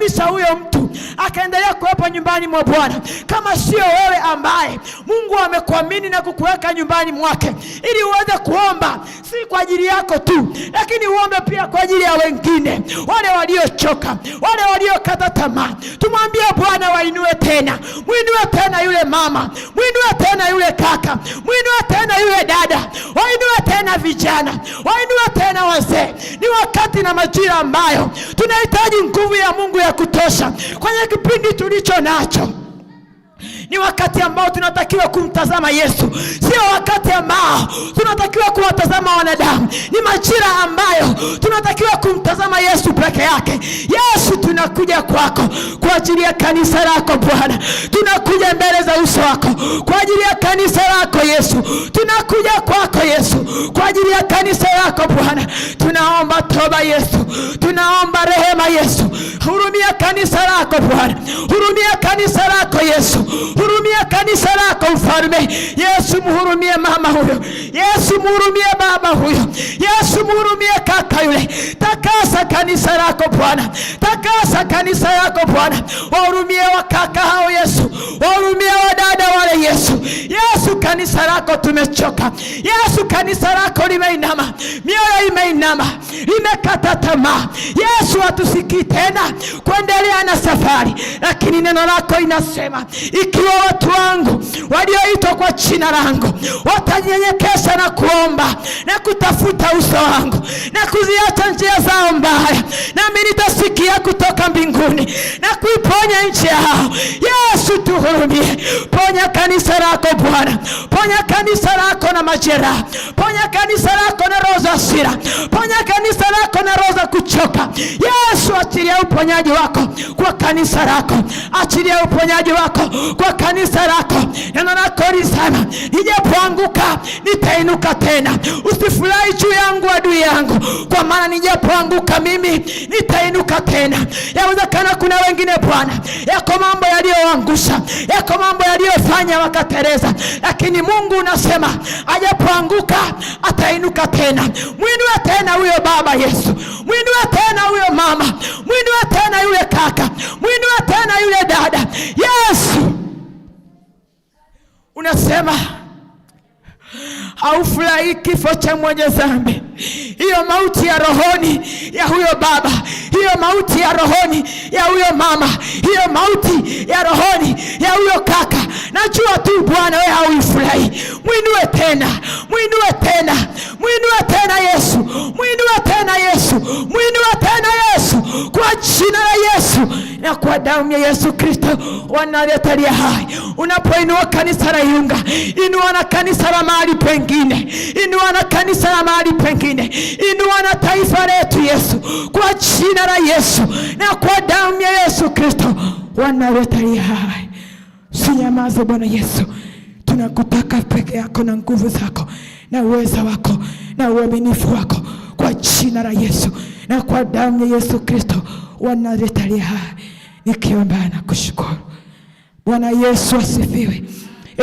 kabisa huyo mtu akaendelea kuwepo nyumbani mwa Bwana, kama sio wewe ambaye Mungu amekuamini na kukuweka nyumbani mwake ili uweze kuomba, si kwa ajili yako tu, lakini uombe pia kwa ajili ya wengine, wale waliochoka, wale waliokata tamaa. Tumwambie Bwana wainue tena, mwinue tena yule mama, mwinue tena yule kaka, mwinue tena yule dada, wainue tena vijana, wainue tena wazee. Ni wakati na majira ambayo tunahitaji nguvu ya Mungu ya kutosha kwenye kipindi tulicho nacho ni wakati ambao tunatakiwa kumtazama Yesu, sio wakati ambao tunatakiwa kuwatazama wanadamu. Ni majira ambayo tunatakiwa kumtazama Yesu peke yake. Yesu, tunakuja kwako kwa ajili ya kanisa lako Bwana, tunakuja mbele za uso wako kwa ajili ya kanisa yako Yesu, tunakuja kwako Yesu kwa ajili ya kanisa lako Bwana. Tunaomba toba Yesu, tunaomba rehema Yesu, hurumia kanisa lako Bwana, hurumia kanisa lako Yesu, hurumia kanisa lako Mfalme Yesu, mhurumie mama huyo Yesu, mhurumie baba huyo Yesu, mhurumie kaka yule. Takasa kanisa lako Bwana, takasa kanisa lako Bwana, wahurumie wakaka hao Yesu, wahurumie wadada wale Yesu, Yesu kanisa kanisa lako tumechoka. Yesu, kanisa lako limeinama, mioyo imeinama, imekata tamaa. Yesu, hatusikii tena kuendelea na safari, lakini neno lako inasema, ikiwa watu wangu walioitwa kwa jina langu watanyenyekesha na kuomba na kutafuta uso wangu na kuziacha njia zao mbaya, nami nitasikia kutoka mbinguni na kuiponya nchi yao. Yesu, tuhurumie, ponya kanisa lako Bwana. Ponya kanisa lako na majeraha, ponya kanisa lako na roho za hasira, ponya kanisa lako na roho za kuchoka. Yesu, achilia uponyaji wako kwa kanisa lako, achilia uponyaji wako kwa kanisa lako. Neno lako lisema nijapoanguka nitainuka tena, usifurahi juu yangu adui yangu, kwa maana nijapoanguka mimi nitainuka tena. Yawezekana kuna wengine Bwana, yako mambo yaliyoangusha, yako mambo yaliyofanya wakatereza lakini lakini Mungu unasema ajapoanguka atainuka tena. Mwinue tena huyo baba Yesu, mwinue tena huyo mama, mwinue tena yule kaka, mwinue tena yule dada. Yesu unasema haufurahii kifo cha mwenye dhambi, hiyo mauti ya rohoni ya huyo baba, hiyo mauti ya rohoni ya huyo mama, hiyo mauti ya rohoni ya huyo kaka Najua tu Bwana wewe hauifurahi. Mwinue tena, mwinue tena, mwinue tena Yesu, mwinue tena Yesu, mwinue tena Yesu, kwa jina la Yesu na kwa damu ya Yesu Kristo wanaletalia hai. Unapoinua kanisa la yunga inua na kanisa la mahali pengine, inua na kanisa la mahali pengine, inua na taifa letu Yesu, kwa jina la Yesu na kwa damu ya Yesu Kristo wanaletalia hai. Sinyamaze Bwana Yesu, tunakutaka peke yako na nguvu zako na uweza wako na uaminifu wako, kwa jina la Yesu na kwa damu ya Yesu Kristo wa Haya nikiomba na kushukuru. Bwana Yesu asifiwe.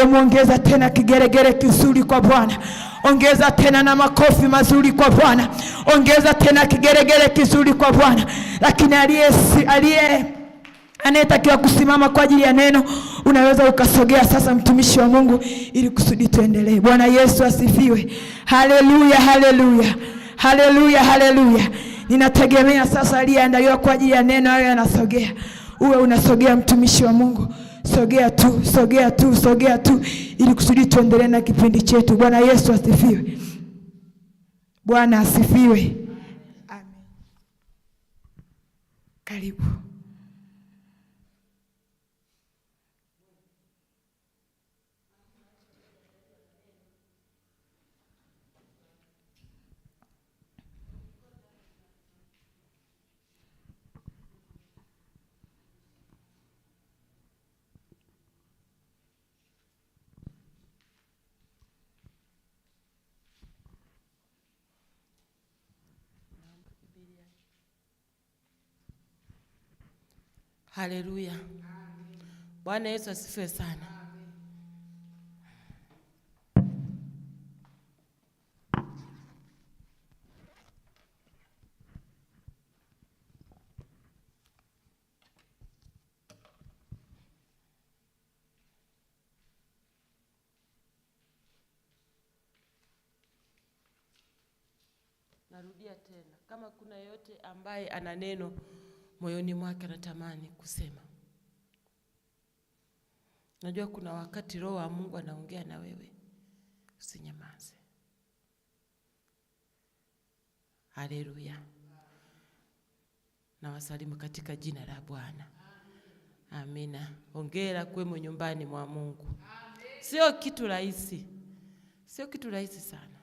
emwongeza tena kigeregere kizuri kwa Bwana, ongeza tena na makofi mazuri kwa Bwana, ongeza tena kigeregere kizuri kwa Bwana. Lakini aliye aliye anayetakiwa kusimama kwa ajili ya neno, unaweza ukasogea sasa, mtumishi wa Mungu, ili kusudi tuendelee. Bwana Yesu asifiwe! Haleluya, haleluya, haleluya, haleluya. Ninategemea sasa aliyeandaliwa kwa ajili ya neno hayo yanasogea. Uwe unasogea mtumishi wa Mungu, sogea tu, sogea tu, sogea tu, ili kusudi tuendelee na kipindi chetu. Bwana Yesu asifiwe! Bwana asifiwe! Amen. Karibu. Haleluya, Bwana Yesu asifiwe sana. Narudia tena, kama kuna yote ambaye ana neno moyoni mwake anatamani kusema. Najua kuna wakati Roho wa Mungu anaongea na wewe, usinyamaze. Haleluya! nawasalimu katika jina la Bwana. Amina. Hongera kuwemo nyumbani mwa Mungu. Sio kitu rahisi, sio kitu rahisi sana,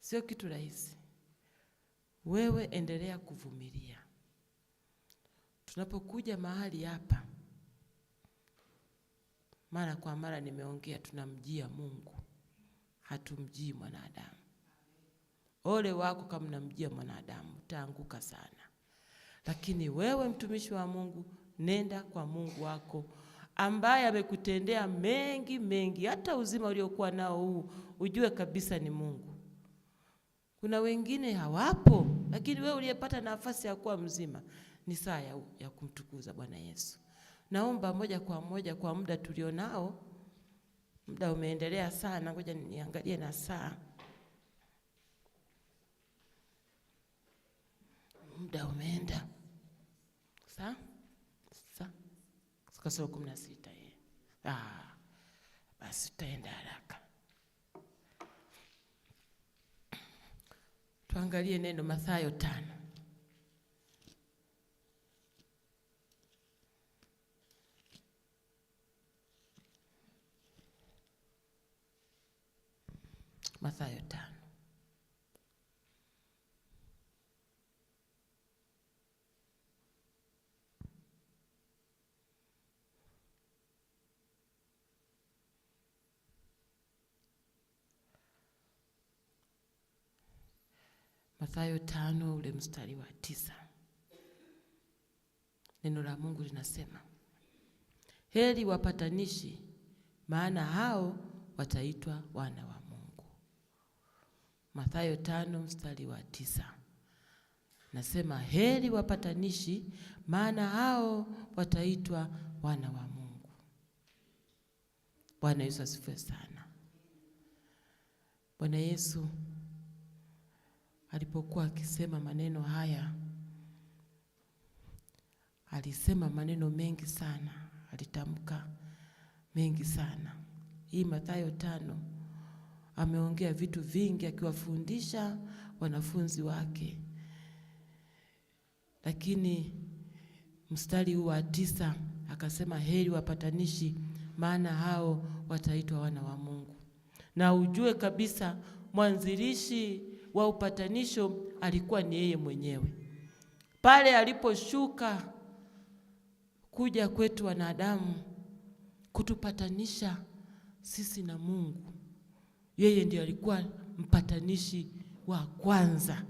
sio kitu rahisi. Wewe endelea kuvumilia. Tunapokuja mahali hapa, mara kwa mara nimeongea, tunamjia Mungu, hatumjii mwanadamu. Ole wako kama namjia mwanadamu, utaanguka sana. Lakini wewe mtumishi wa Mungu, nenda kwa Mungu wako ambaye amekutendea mengi mengi, hata uzima uliokuwa nao huu, ujue kabisa ni Mungu. Kuna wengine hawapo, lakini wewe uliyepata nafasi ya kuwa mzima ni saa ya, ya kumtukuza Bwana Yesu. Naomba moja kwa moja kwa muda tulionao, muda umeendelea sana, ngoja niangalie na saa. Muda umeenda saa kasoro kumi na sita. Ah, basi tutaenda haraka, tuangalie neno Mathayo tano Mathayo tano. Mathayo tano ule mstari wa tisa. Neno la Mungu linasema, heri wapatanishi maana hao wataitwa wana wa Mathayo tano mstari wa tisa nasema, heri wapatanishi, maana hao wataitwa wana wa Mungu. Bwana Yesu asifiwe sana. Bwana Yesu alipokuwa akisema maneno haya, alisema maneno mengi sana, alitamka mengi sana. Hii Mathayo tano ameongea vitu vingi akiwafundisha wanafunzi wake, lakini mstari huu wa tisa akasema, heri wapatanishi, maana hao wataitwa wana wa Mungu. Na ujue kabisa mwanzilishi wa upatanisho alikuwa ni yeye mwenyewe. Pale aliposhuka kuja kwetu wanadamu, kutupatanisha sisi na Mungu yeye ndiye alikuwa mpatanishi wa kwanza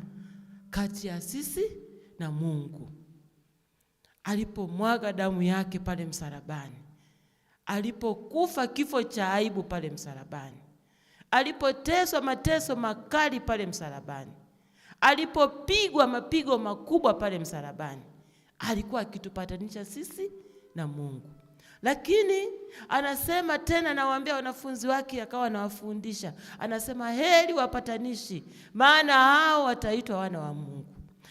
kati ya sisi na Mungu. Alipomwaga damu yake pale msalabani, alipokufa kifo cha aibu pale msalabani, alipoteswa mateso makali pale msalabani, alipopigwa mapigo makubwa pale msalabani, alikuwa akitupatanisha sisi na Mungu. Lakini anasema tena, nawaambia wanafunzi wake, akawa anawafundisha, anasema heri wapatanishi, maana hao wataitwa wana wa Mungu.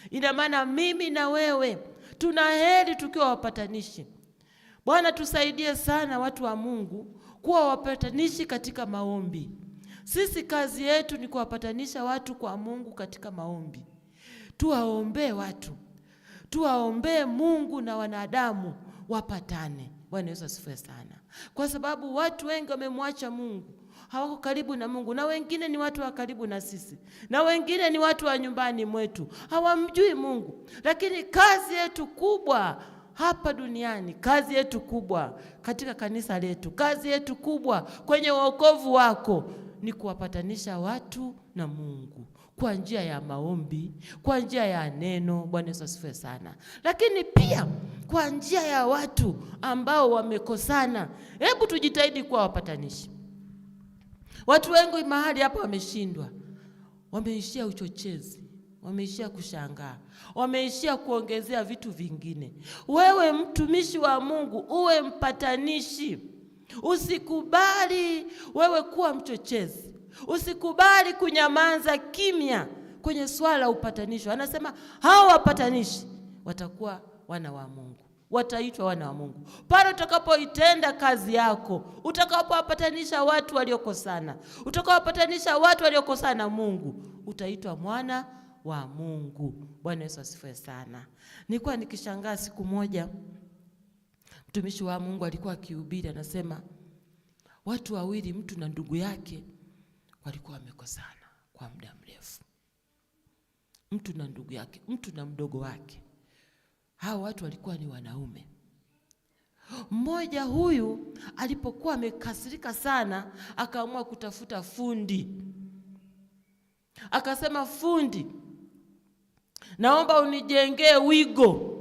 Ina maana mimi na wewe tuna heri tukiwa wapatanishi. Bwana tusaidie sana, watu wa Mungu, kuwa wapatanishi katika maombi. Sisi kazi yetu ni kuwapatanisha watu kwa Mungu katika maombi. Tuwaombee watu, tuwaombee Mungu na wanadamu wapatane. Bwana Yesu asifiwe sana, kwa sababu watu wengi wamemwacha Mungu, hawako karibu na Mungu, na wengine ni watu wa karibu na sisi, na wengine ni watu wa nyumbani mwetu, hawamjui Mungu. Lakini kazi yetu kubwa hapa duniani, kazi yetu kubwa katika kanisa letu, kazi yetu kubwa kwenye wokovu wako ni kuwapatanisha watu na Mungu kwa njia ya maombi, kwa njia ya neno. Bwana Yesu asifiwe sana. Lakini pia kwa njia ya watu ambao wamekosana, hebu tujitahidi kuwa wapatanishi. Watu wengi mahali hapa wameshindwa, wameishia uchochezi wameishia kushangaa, wameishia kuongezea vitu vingine. Wewe mtumishi wa Mungu uwe mpatanishi. Usikubali wewe kuwa mchochezi, usikubali kunyamaza kimya kwenye swala upatanisho. Anasema hao wapatanishi watakuwa wana wa Mungu, wataitwa wana wa Mungu pale utakapoitenda kazi yako, utakapowapatanisha watu waliokosana, utakapowapatanisha watu waliokosana na Mungu, utaitwa mwana wa Mungu. Bwana Yesu asifiwe sana. Nilikuwa nikishangaa siku moja Mtumishi wa Mungu alikuwa akihubiri, anasema watu wawili, mtu na ndugu yake walikuwa wamekosana kwa muda mrefu, mtu na ndugu yake, mtu na mdogo wake. Hao watu walikuwa ni wanaume. Mmoja huyu alipokuwa amekasirika sana, akaamua kutafuta fundi, akasema, fundi, naomba unijengee wigo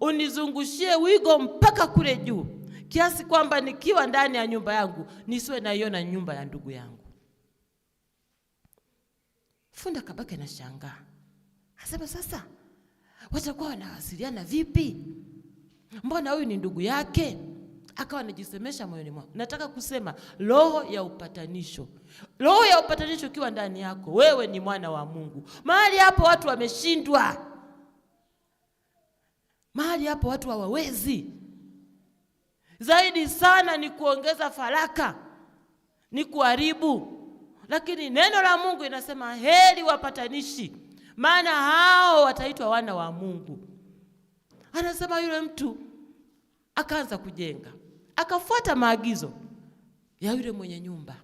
unizungushie wigo mpaka kule juu, kiasi kwamba nikiwa ndani ya nyumba yangu nisiwe naiona nyumba ya ndugu yangu. Funda Kabake na shangaa asema, sasa watakuwa wanawasiliana vipi? Mbona huyu ni ndugu yake? Akawa anajisemesha moyoni mwake. Nataka kusema roho ya upatanisho, roho ya upatanisho ukiwa ndani yako, wewe ni mwana wa Mungu. Mahali hapo watu wameshindwa Mahali hapo watu hawawezi. Zaidi sana ni kuongeza faraka, ni kuharibu. Lakini neno la Mungu inasema heri wapatanishi, maana hao wataitwa wana wa Mungu. Anasema yule mtu akaanza kujenga, akafuata maagizo ya yule mwenye nyumba,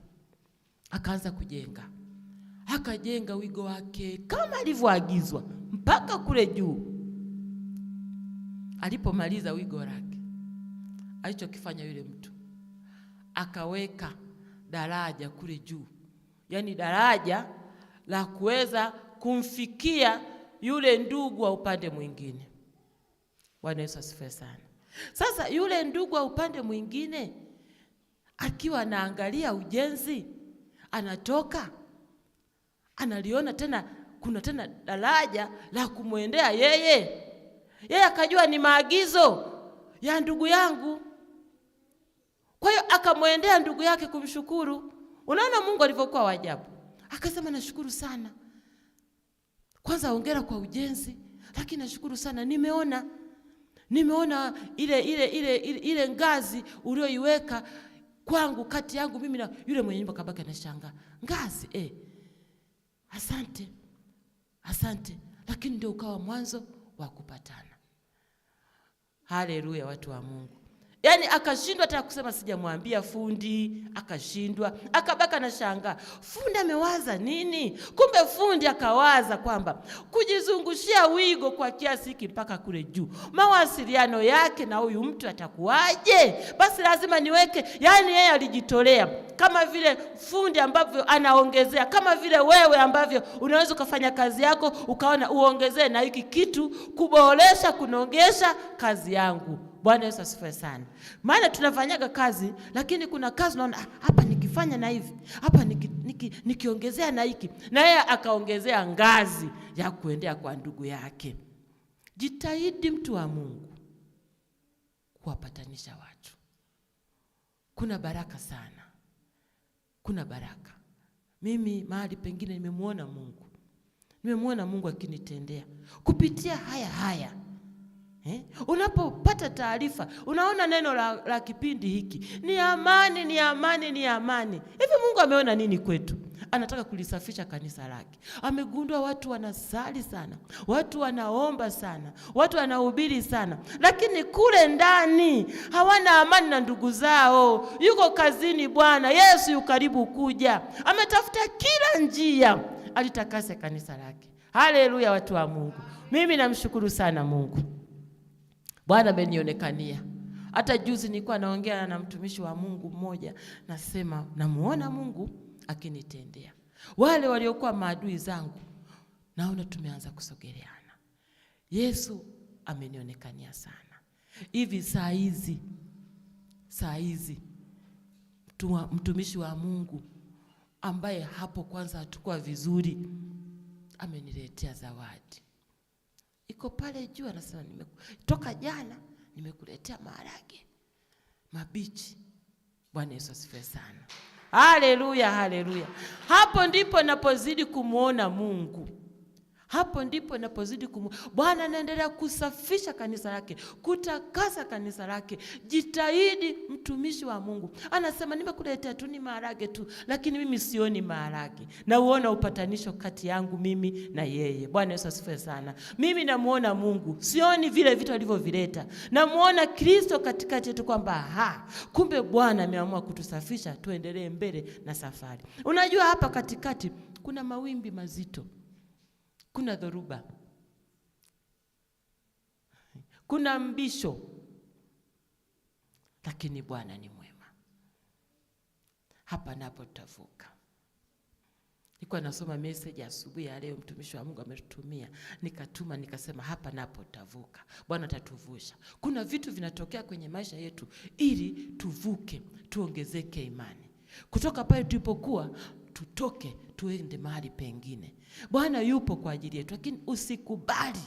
akaanza kujenga, akajenga wigo wake kama alivyoagizwa mpaka kule juu. Alipomaliza wigo lake, alichokifanya yule mtu akaweka daraja kule juu, yaani daraja la kuweza kumfikia yule ndugu wa upande mwingine. Bwana Yesu asifiwe sana. Sasa yule ndugu wa upande mwingine akiwa anaangalia ujenzi, anatoka analiona tena kuna tena daraja la kumwendea yeye yeye akajua ni maagizo ya ndugu yangu. Kwa hiyo akamwendea ndugu yake kumshukuru. Unaona Mungu alivyokuwa wa ajabu, akasema nashukuru sana, kwanza ongera kwa ujenzi, lakini nashukuru sana, nimeona nimeona ile ile ile ile ngazi ulioiweka kwangu kati yangu mimi na yule mwenye nyumba. Kabaki anashangaa ngazi eh. Asante, asante, lakini ndio ukawa mwanzo wa kupatana. Haleluya, watu wa Mungu. Yaani akashindwa hata kusema sijamwambia fundi, akashindwa, akabaka na shangaa. Fundi amewaza nini? Kumbe fundi akawaza kwamba kujizungushia wigo kwa kiasi hiki mpaka kule juu. Mawasiliano yake na huyu mtu atakuwaje? Basi lazima niweke. Yaani yeye alijitolea kama vile fundi ambavyo anaongezea, kama vile wewe ambavyo unaweza ukafanya kazi yako ukaona uongezee na hiki kitu kuboresha kunogesha kazi yangu. Bwana Yesu asifiwe sana. Maana tunafanyaga kazi, lakini kuna kazi naona ah, hapa nikifanya na hivi hapa niki, niki, nikiongezea na hiki, na yeye akaongezea ngazi ya kuendea kwa ndugu yake. Jitahidi mtu wa Mungu kuwapatanisha watu, kuna baraka sana, kuna baraka. Mimi mahali pengine nimemwona Mungu, nimemwona Mungu akinitendea kupitia haya haya Eh? Unapopata taarifa unaona neno la, la kipindi hiki ni amani, ni amani, ni amani. Hivi Mungu ameona nini kwetu? Anataka kulisafisha kanisa lake. Amegundua watu wanasali sana, watu wanaomba sana, watu wanahubiri sana, lakini kule ndani hawana amani na ndugu zao. Yuko kazini, bwana Yesu yukaribu kuja, ametafuta kila njia alitakase kanisa lake. Haleluya, watu wa Mungu. Mimi namshukuru sana Mungu. Bwana amenionekania. Hata juzi nilikuwa naongea na mtumishi wa Mungu mmoja, nasema namuona Mungu akinitendea. Wale waliokuwa maadui zangu naona tumeanza kusogeleana. Yesu amenionekania sana. Hivi saa hizi, saa hizi mtumishi wa Mungu ambaye hapo kwanza hatukuwa vizuri ameniletea zawadi yuko pale juu anasema nime, toka jana nimekuletea maharage mabichi. Bwana Yesu asifiwe sana. Haleluya, haleluya. Hapo ndipo napozidi kumwona Mungu. Hapo ndipo inapozidi kumu. Bwana anaendelea kusafisha kanisa lake, kutakasa kanisa lake. Jitahidi mtumishi wa Mungu. Anasema nimekuletea tu ni maharage tu, lakini mimi sioni maharage. Na uona upatanisho kati yangu mimi na yeye. Bwana Yesu asifiwe sana. Mimi namuona Mungu, sioni vile vitu alivyovileta. Namuona Kristo katikati yetu kwamba ha, kumbe Bwana ameamua kutusafisha tuendelee mbele na safari. Unajua hapa katikati kuna mawimbi mazito kuna dhoruba, kuna mbisho, lakini Bwana ni mwema, hapa napo tutavuka. Nilikuwa nasoma message asubuhi ya leo, mtumishi wa Mungu ametutumia, nikatuma nikasema, hapa napo tutavuka, Bwana atatuvusha. Kuna vitu vinatokea kwenye maisha yetu ili tuvuke, tuongezeke imani kutoka pale tulipokuwa tutoke tuende mahali pengine. Bwana yupo kwa ajili yetu, lakini usikubali,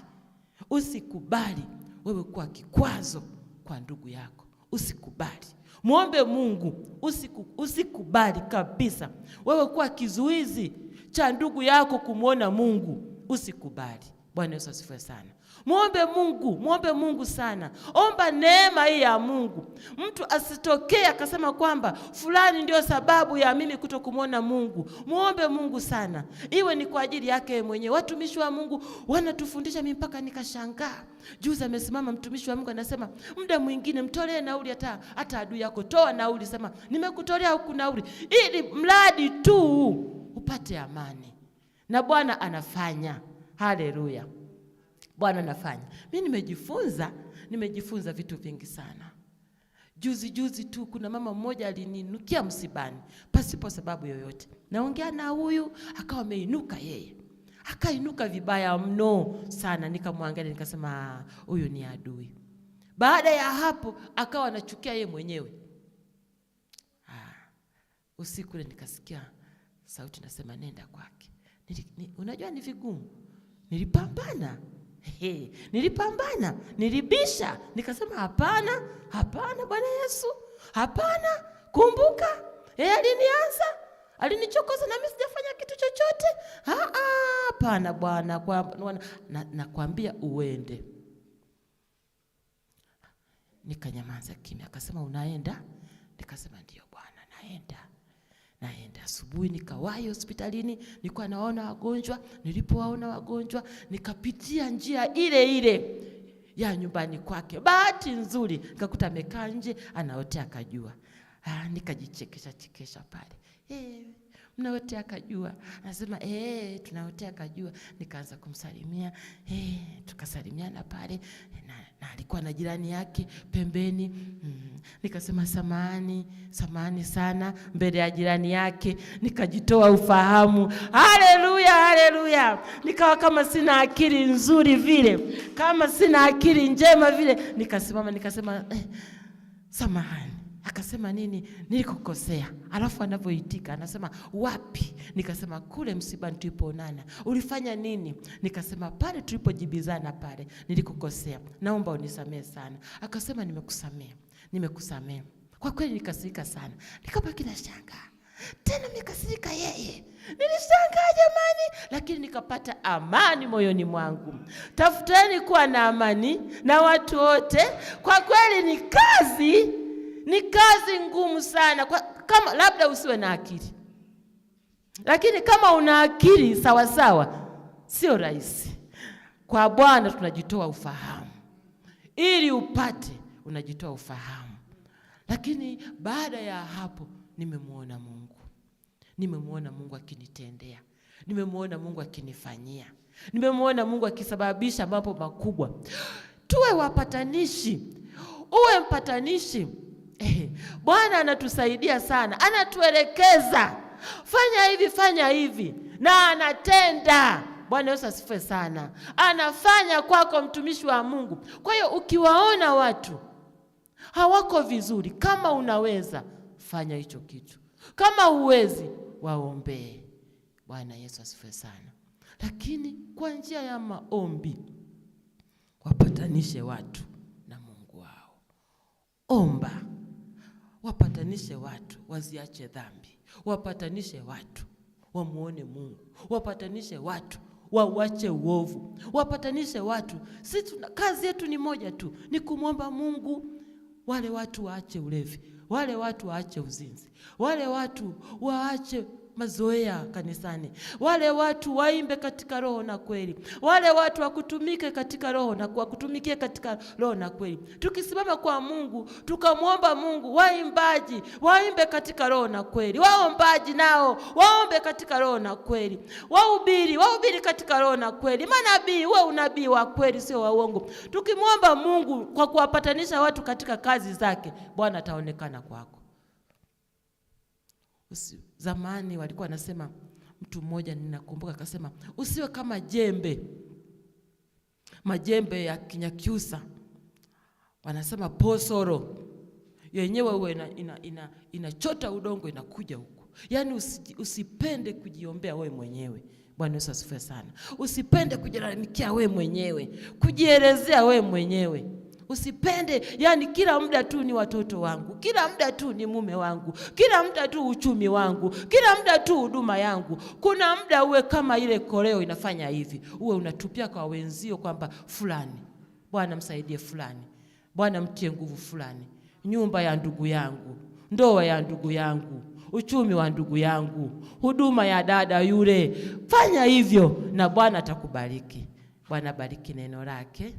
usikubali wewe kuwa kikwazo kwa ndugu yako, usikubali. Mwombe Mungu usiku, usikubali kabisa wewe kuwa kizuizi cha ndugu yako kumwona Mungu, usikubali. Bwana Yesu asifiwe sana. Muombe Mungu, muombe Mungu sana. Omba neema hii ya Mungu. Mtu asitokee akasema kwamba fulani ndio sababu ya mimi kuto kumwona Mungu. Muombe Mungu sana, iwe ni kwa ajili yake mwenyewe. Watumishi wa Mungu wanatufundisha, mimi mpaka nikashangaa. Juzi amesimama mtumishi wa Mungu anasema, muda mwingine mtolee nauli hata hata adui yako, toa nauli, sema nimekutolea huku nauli, ili mradi tu upate amani, na Bwana anafanya Haleluya, Bwana nafanya. Mi nimejifunza, nimejifunza vitu vingi sana. Juzi juzi tu kuna mama mmoja alininukia msibani pasipo sababu yoyote, naongea na huyu akawa ameinuka yeye akainuka vibaya mno sana, nikamwangalia nikasema, huyu ni adui. Baada ya hapo akawa anachukia yeye mwenyewe. Ah, usiku ule nikasikia sauti nasema, nenda kwake. Unajua ni vigumu Nilipambana hey, nilipambana, nilibisha, nikasema hapana, hapana Bwana Yesu, hapana. Kumbuka hey, alinianza alinichokoza, nami sijafanya kitu chochote. Ah, ah, hapana Bwana, nakwambia na uende. Nikanyamaza kimya. Akasema unaenda? Nikasema ndiyo Bwana, naenda naenda asubuhi, nikawahi hospitalini, nilikuwa naona wagonjwa. Nilipowaona wagonjwa, nikapitia njia ile ile ya nyumbani kwake. Bahati nzuri nikakuta amekaa nje anaotea kajua. Ah, nikajichekesha chekesha pale e, mnaotea kajua? Anasema e, tunaotea kajua. Nikaanza kumsalimia e, tukasalimiana pale na na alikuwa na jirani yake pembeni mm. Nikasema samahani, samahani sana mbele ya jirani yake, nikajitoa ufahamu. Haleluya, haleluya! Nikawa kama sina akili nzuri vile, kama sina akili njema vile, nikasimama nikasema eh, samahani Akasema nini? Nilikukosea. Alafu anavyoitika anasema wapi? Nikasema kule msibani tulipoonana. Ulifanya nini? Nikasema pale tulipojibizana pale, nilikukosea, naomba unisamehe sana. Akasema nimekusamehe, nimekusamehe. Kwa kweli nikasirika sana, nikabaki na shangaa tena nikasirika yeye, nilishangaa jamani, lakini nikapata amani moyoni mwangu. Tafuteni kuwa na amani na watu wote, kwa kweli ni kazi ni kazi ngumu sana kwa, kama labda usiwe na akili, lakini kama una akili sawasawa, sio rahisi. Kwa Bwana tunajitoa ufahamu ili upate, unajitoa ufahamu. Lakini baada ya hapo, nimemwona Mungu, nimemwona Mungu akinitendea, nimemwona Mungu akinifanyia, nimemwona Mungu akisababisha mambo makubwa. Tuwe wapatanishi, uwe mpatanishi Bwana anatusaidia sana, anatuelekeza fanya hivi, fanya hivi, na anatenda. Bwana Yesu asifiwe sana, anafanya kwako mtumishi wa Mungu. Kwa hiyo ukiwaona watu hawako vizuri, kama unaweza fanya hicho kitu, kama huwezi waombee. Bwana Yesu asifiwe sana. Lakini kwa njia ya maombi wapatanishe watu na Mungu wao, omba wapatanishe watu, waziache dhambi, wapatanishe watu wamuone Mungu, wapatanishe watu wawache uovu, wapatanishe watu. si kazi yetu ni moja tu, ni kumwomba Mungu wale watu waache ulevi, wale watu waache uzinzi, wale watu waache mazoea kanisani. Wale watu waimbe katika roho na kweli, wale watu wakutumike katika roho na wakutumikie katika roho na kweli. Tukisimama kwa Mungu tukamwomba Mungu, waimbaji waimbe katika roho na kweli, waombaji nao waombe katika roho na kweli, wahubiri wahubiri katika roho na kweli, manabii uwe unabii wa kweli, sio wa uongo. Tukimwomba Mungu kwa kuwapatanisha watu katika kazi zake, Bwana ataonekana kwako. Zamani walikuwa wanasema, mtu mmoja ninakumbuka akasema, usiwe kama jembe, majembe ya Kinyakyusa wanasema posoro yenyewe huwa inachota ina, ina, ina udongo inakuja huku. Yaani usi, usipende kujiombea wewe mwenyewe. Bwana Yesu asifiwe sana. Usipende kujilalamikia wewe mwenyewe, kujielezea wewe mwenyewe. Usipende yani kila muda tu ni watoto wangu, kila muda tu ni mume wangu, kila muda tu uchumi wangu, kila muda tu huduma yangu. Kuna muda uwe kama ile koleo inafanya hivi, uwe unatupia kwa wenzio kwamba fulani, Bwana msaidie fulani, Bwana mtie nguvu fulani, nyumba ya ndugu yangu, ndoa ya ndugu yangu, uchumi wa ndugu yangu, huduma ya dada yule. Fanya hivyo na Bwana atakubariki. Bwana bariki neno lake.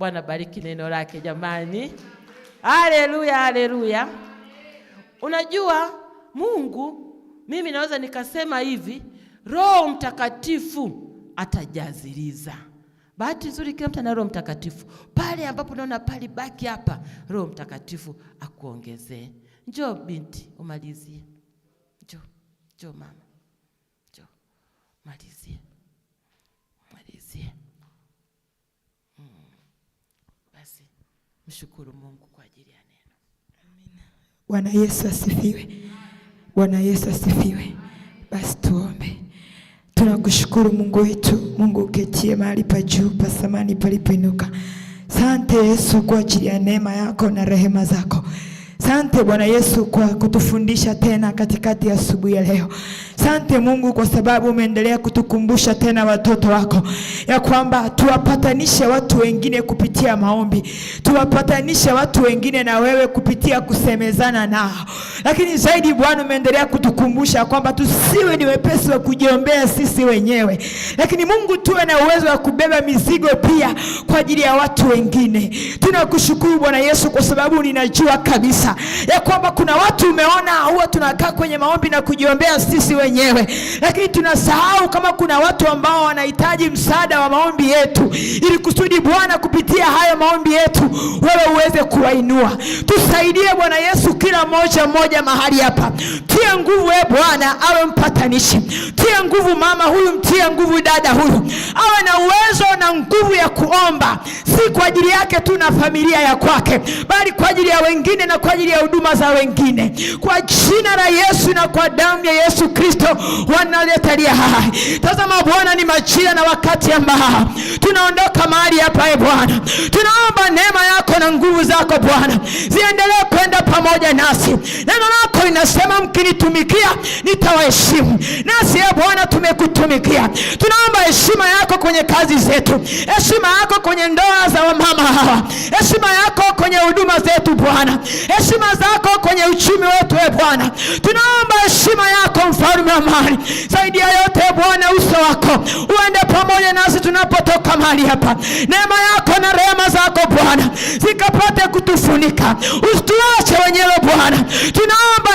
Bwana bariki neno lake jamani, haleluya, haleluya. Unajua Mungu, mimi naweza nikasema hivi, Roho Mtakatifu atajaziliza bahati nzuri kila mtu ana Roho Mtakatifu. Pale ambapo unaona pali baki hapa, Roho Mtakatifu akuongezee. Njoo binti, umalizie. Njoo, njoo mama, njoo malizie. Mshukuru Mungu kwa ajili ya neno. Amina. Bwana Yesu asifiwe. Bwana Yesu asifiwe. Basi tuombe. Tunakushukuru Mungu wetu, Mungu uketie mahali pa juu pa samani palipoinuka. Sante Yesu kwa ajili ya neema yako na rehema zako. Sante Bwana Yesu kwa kutufundisha tena katikati ya asubuhi ya leo. Sante Mungu kwa sababu umeendelea kutukumbusha tena watoto wako ya kwamba tuwapatanishe watu wengine kupitia maombi, tuwapatanishe watu wengine na wewe kupitia kusemezana nao. Lakini zaidi Bwana, umeendelea kutukumbusha kwamba tusiwe ni wepesi wa kujiombea sisi wenyewe, lakini Mungu, tuwe na uwezo wa kubeba mizigo pia kwa ajili ya watu wengine. Tunakushukuru Bwana Yesu kwa sababu ninajua kabisa sasa, ya kwamba kuna watu umeona, huwa tunakaa kwenye maombi na kujiombea sisi wenyewe, lakini tunasahau kama kuna watu ambao wanahitaji msaada wa maombi yetu, ili kusudi Bwana kupitia hayo maombi yetu wewe uweze kuwainua. Tusaidie Bwana Yesu, kila mmoja mmoja mahali hapa, tia nguvu e Bwana, awe mpatanishi, tia nguvu mama huyu, mtia nguvu dada huyu, awe na uwezo na nguvu ya kuomba, si kwa ajili yake tu na familia ya kwake, bali kwa ajili ya wengine na kwa ajili ya huduma za wengine, kwa jina la Yesu na kwa damu ya Yesu Kristo wanaletalia hai. Tazama Bwana, ni majira na wakati ambao tunaondoka mahali hapa. E Bwana, tunaomba neema yako na nguvu zako Bwana ziendelee kwenda pamoja nasi. Neno lako linasema mkinitumikia nitawaheshimu, nasi e Bwana tumekutumikia. Tunaomba heshima yako kwenye kazi zetu, heshima yako kwenye ndoa za wamama hawa, heshima yako kwenye huduma zetu Bwana heshima zako kwenye uchumi wetu, e Bwana, tunaomba heshima yako, mfalme wa amani. Zaidi ya yote, e Bwana, uso wako uende pamoja nasi tunapotoka mahali hapa. Neema yako na rehema zako Bwana zikapate kutufunika, usituache wenyewe Bwana, tunaomba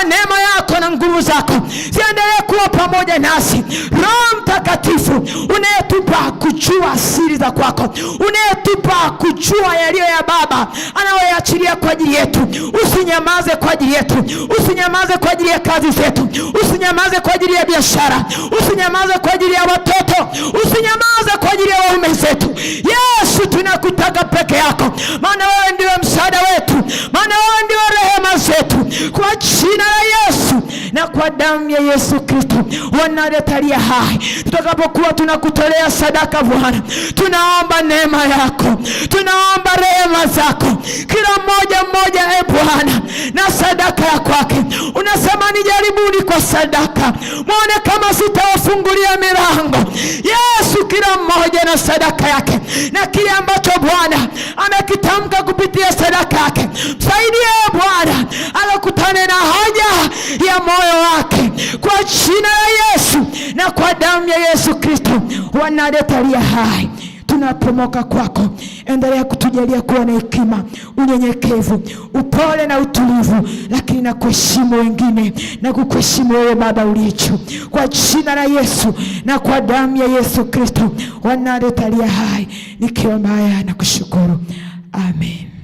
zako ziendelee kuwa pamoja nasi. Roho Mtakatifu unayetupa kujua siri za kwako, unayetupa kujua yaliyo ya Baba anayoyaachilia kwa ajili yetu, usinyamaze kwa ajili yetu, usinyamaze kwa ajili ya kazi zetu, usinyamaze kwa ajili ya biashara, usinyamaze kwa ajili ya watoto, usinyamaze kwa ajili ya waume zetu. Yesu, tunakutaka peke yako, maana wewe ndiwe msaada wetu, maana wewe ndiwe rehema zetu, kwa jina la Yesu na kwa kwa damu ya Yesu Kristo wa Nazareti hai. Tutakapokuwa tunakutolea sadaka Bwana, tunaomba neema yako, tunaomba rehema zako, kila mmoja mmoja, e Bwana, na sadaka ya kwake mnanijaribuni kwa sadaka, mwone kama sitawafungulia milango. Yesu, kila mmoja na sadaka yake na kile ambacho Bwana amekitamka kupitia sadaka yake, msaidie Bwana akakutane na haja ya moyo wake kwa jina la Yesu na kwa damu ya Yesu Kristo, wanaleta lia hai tunapomoka kwako. Endelea kutujalia kuwa na hekima, unyenyekevu, upole na utulivu, lakini na kuheshimu wengine na kukuheshimu wewe Baba uliye juu, kwa jina la Yesu na kwa damu ya Yesu Kristo wanaretalia hai, nikiwa maya na kushukuru, amen.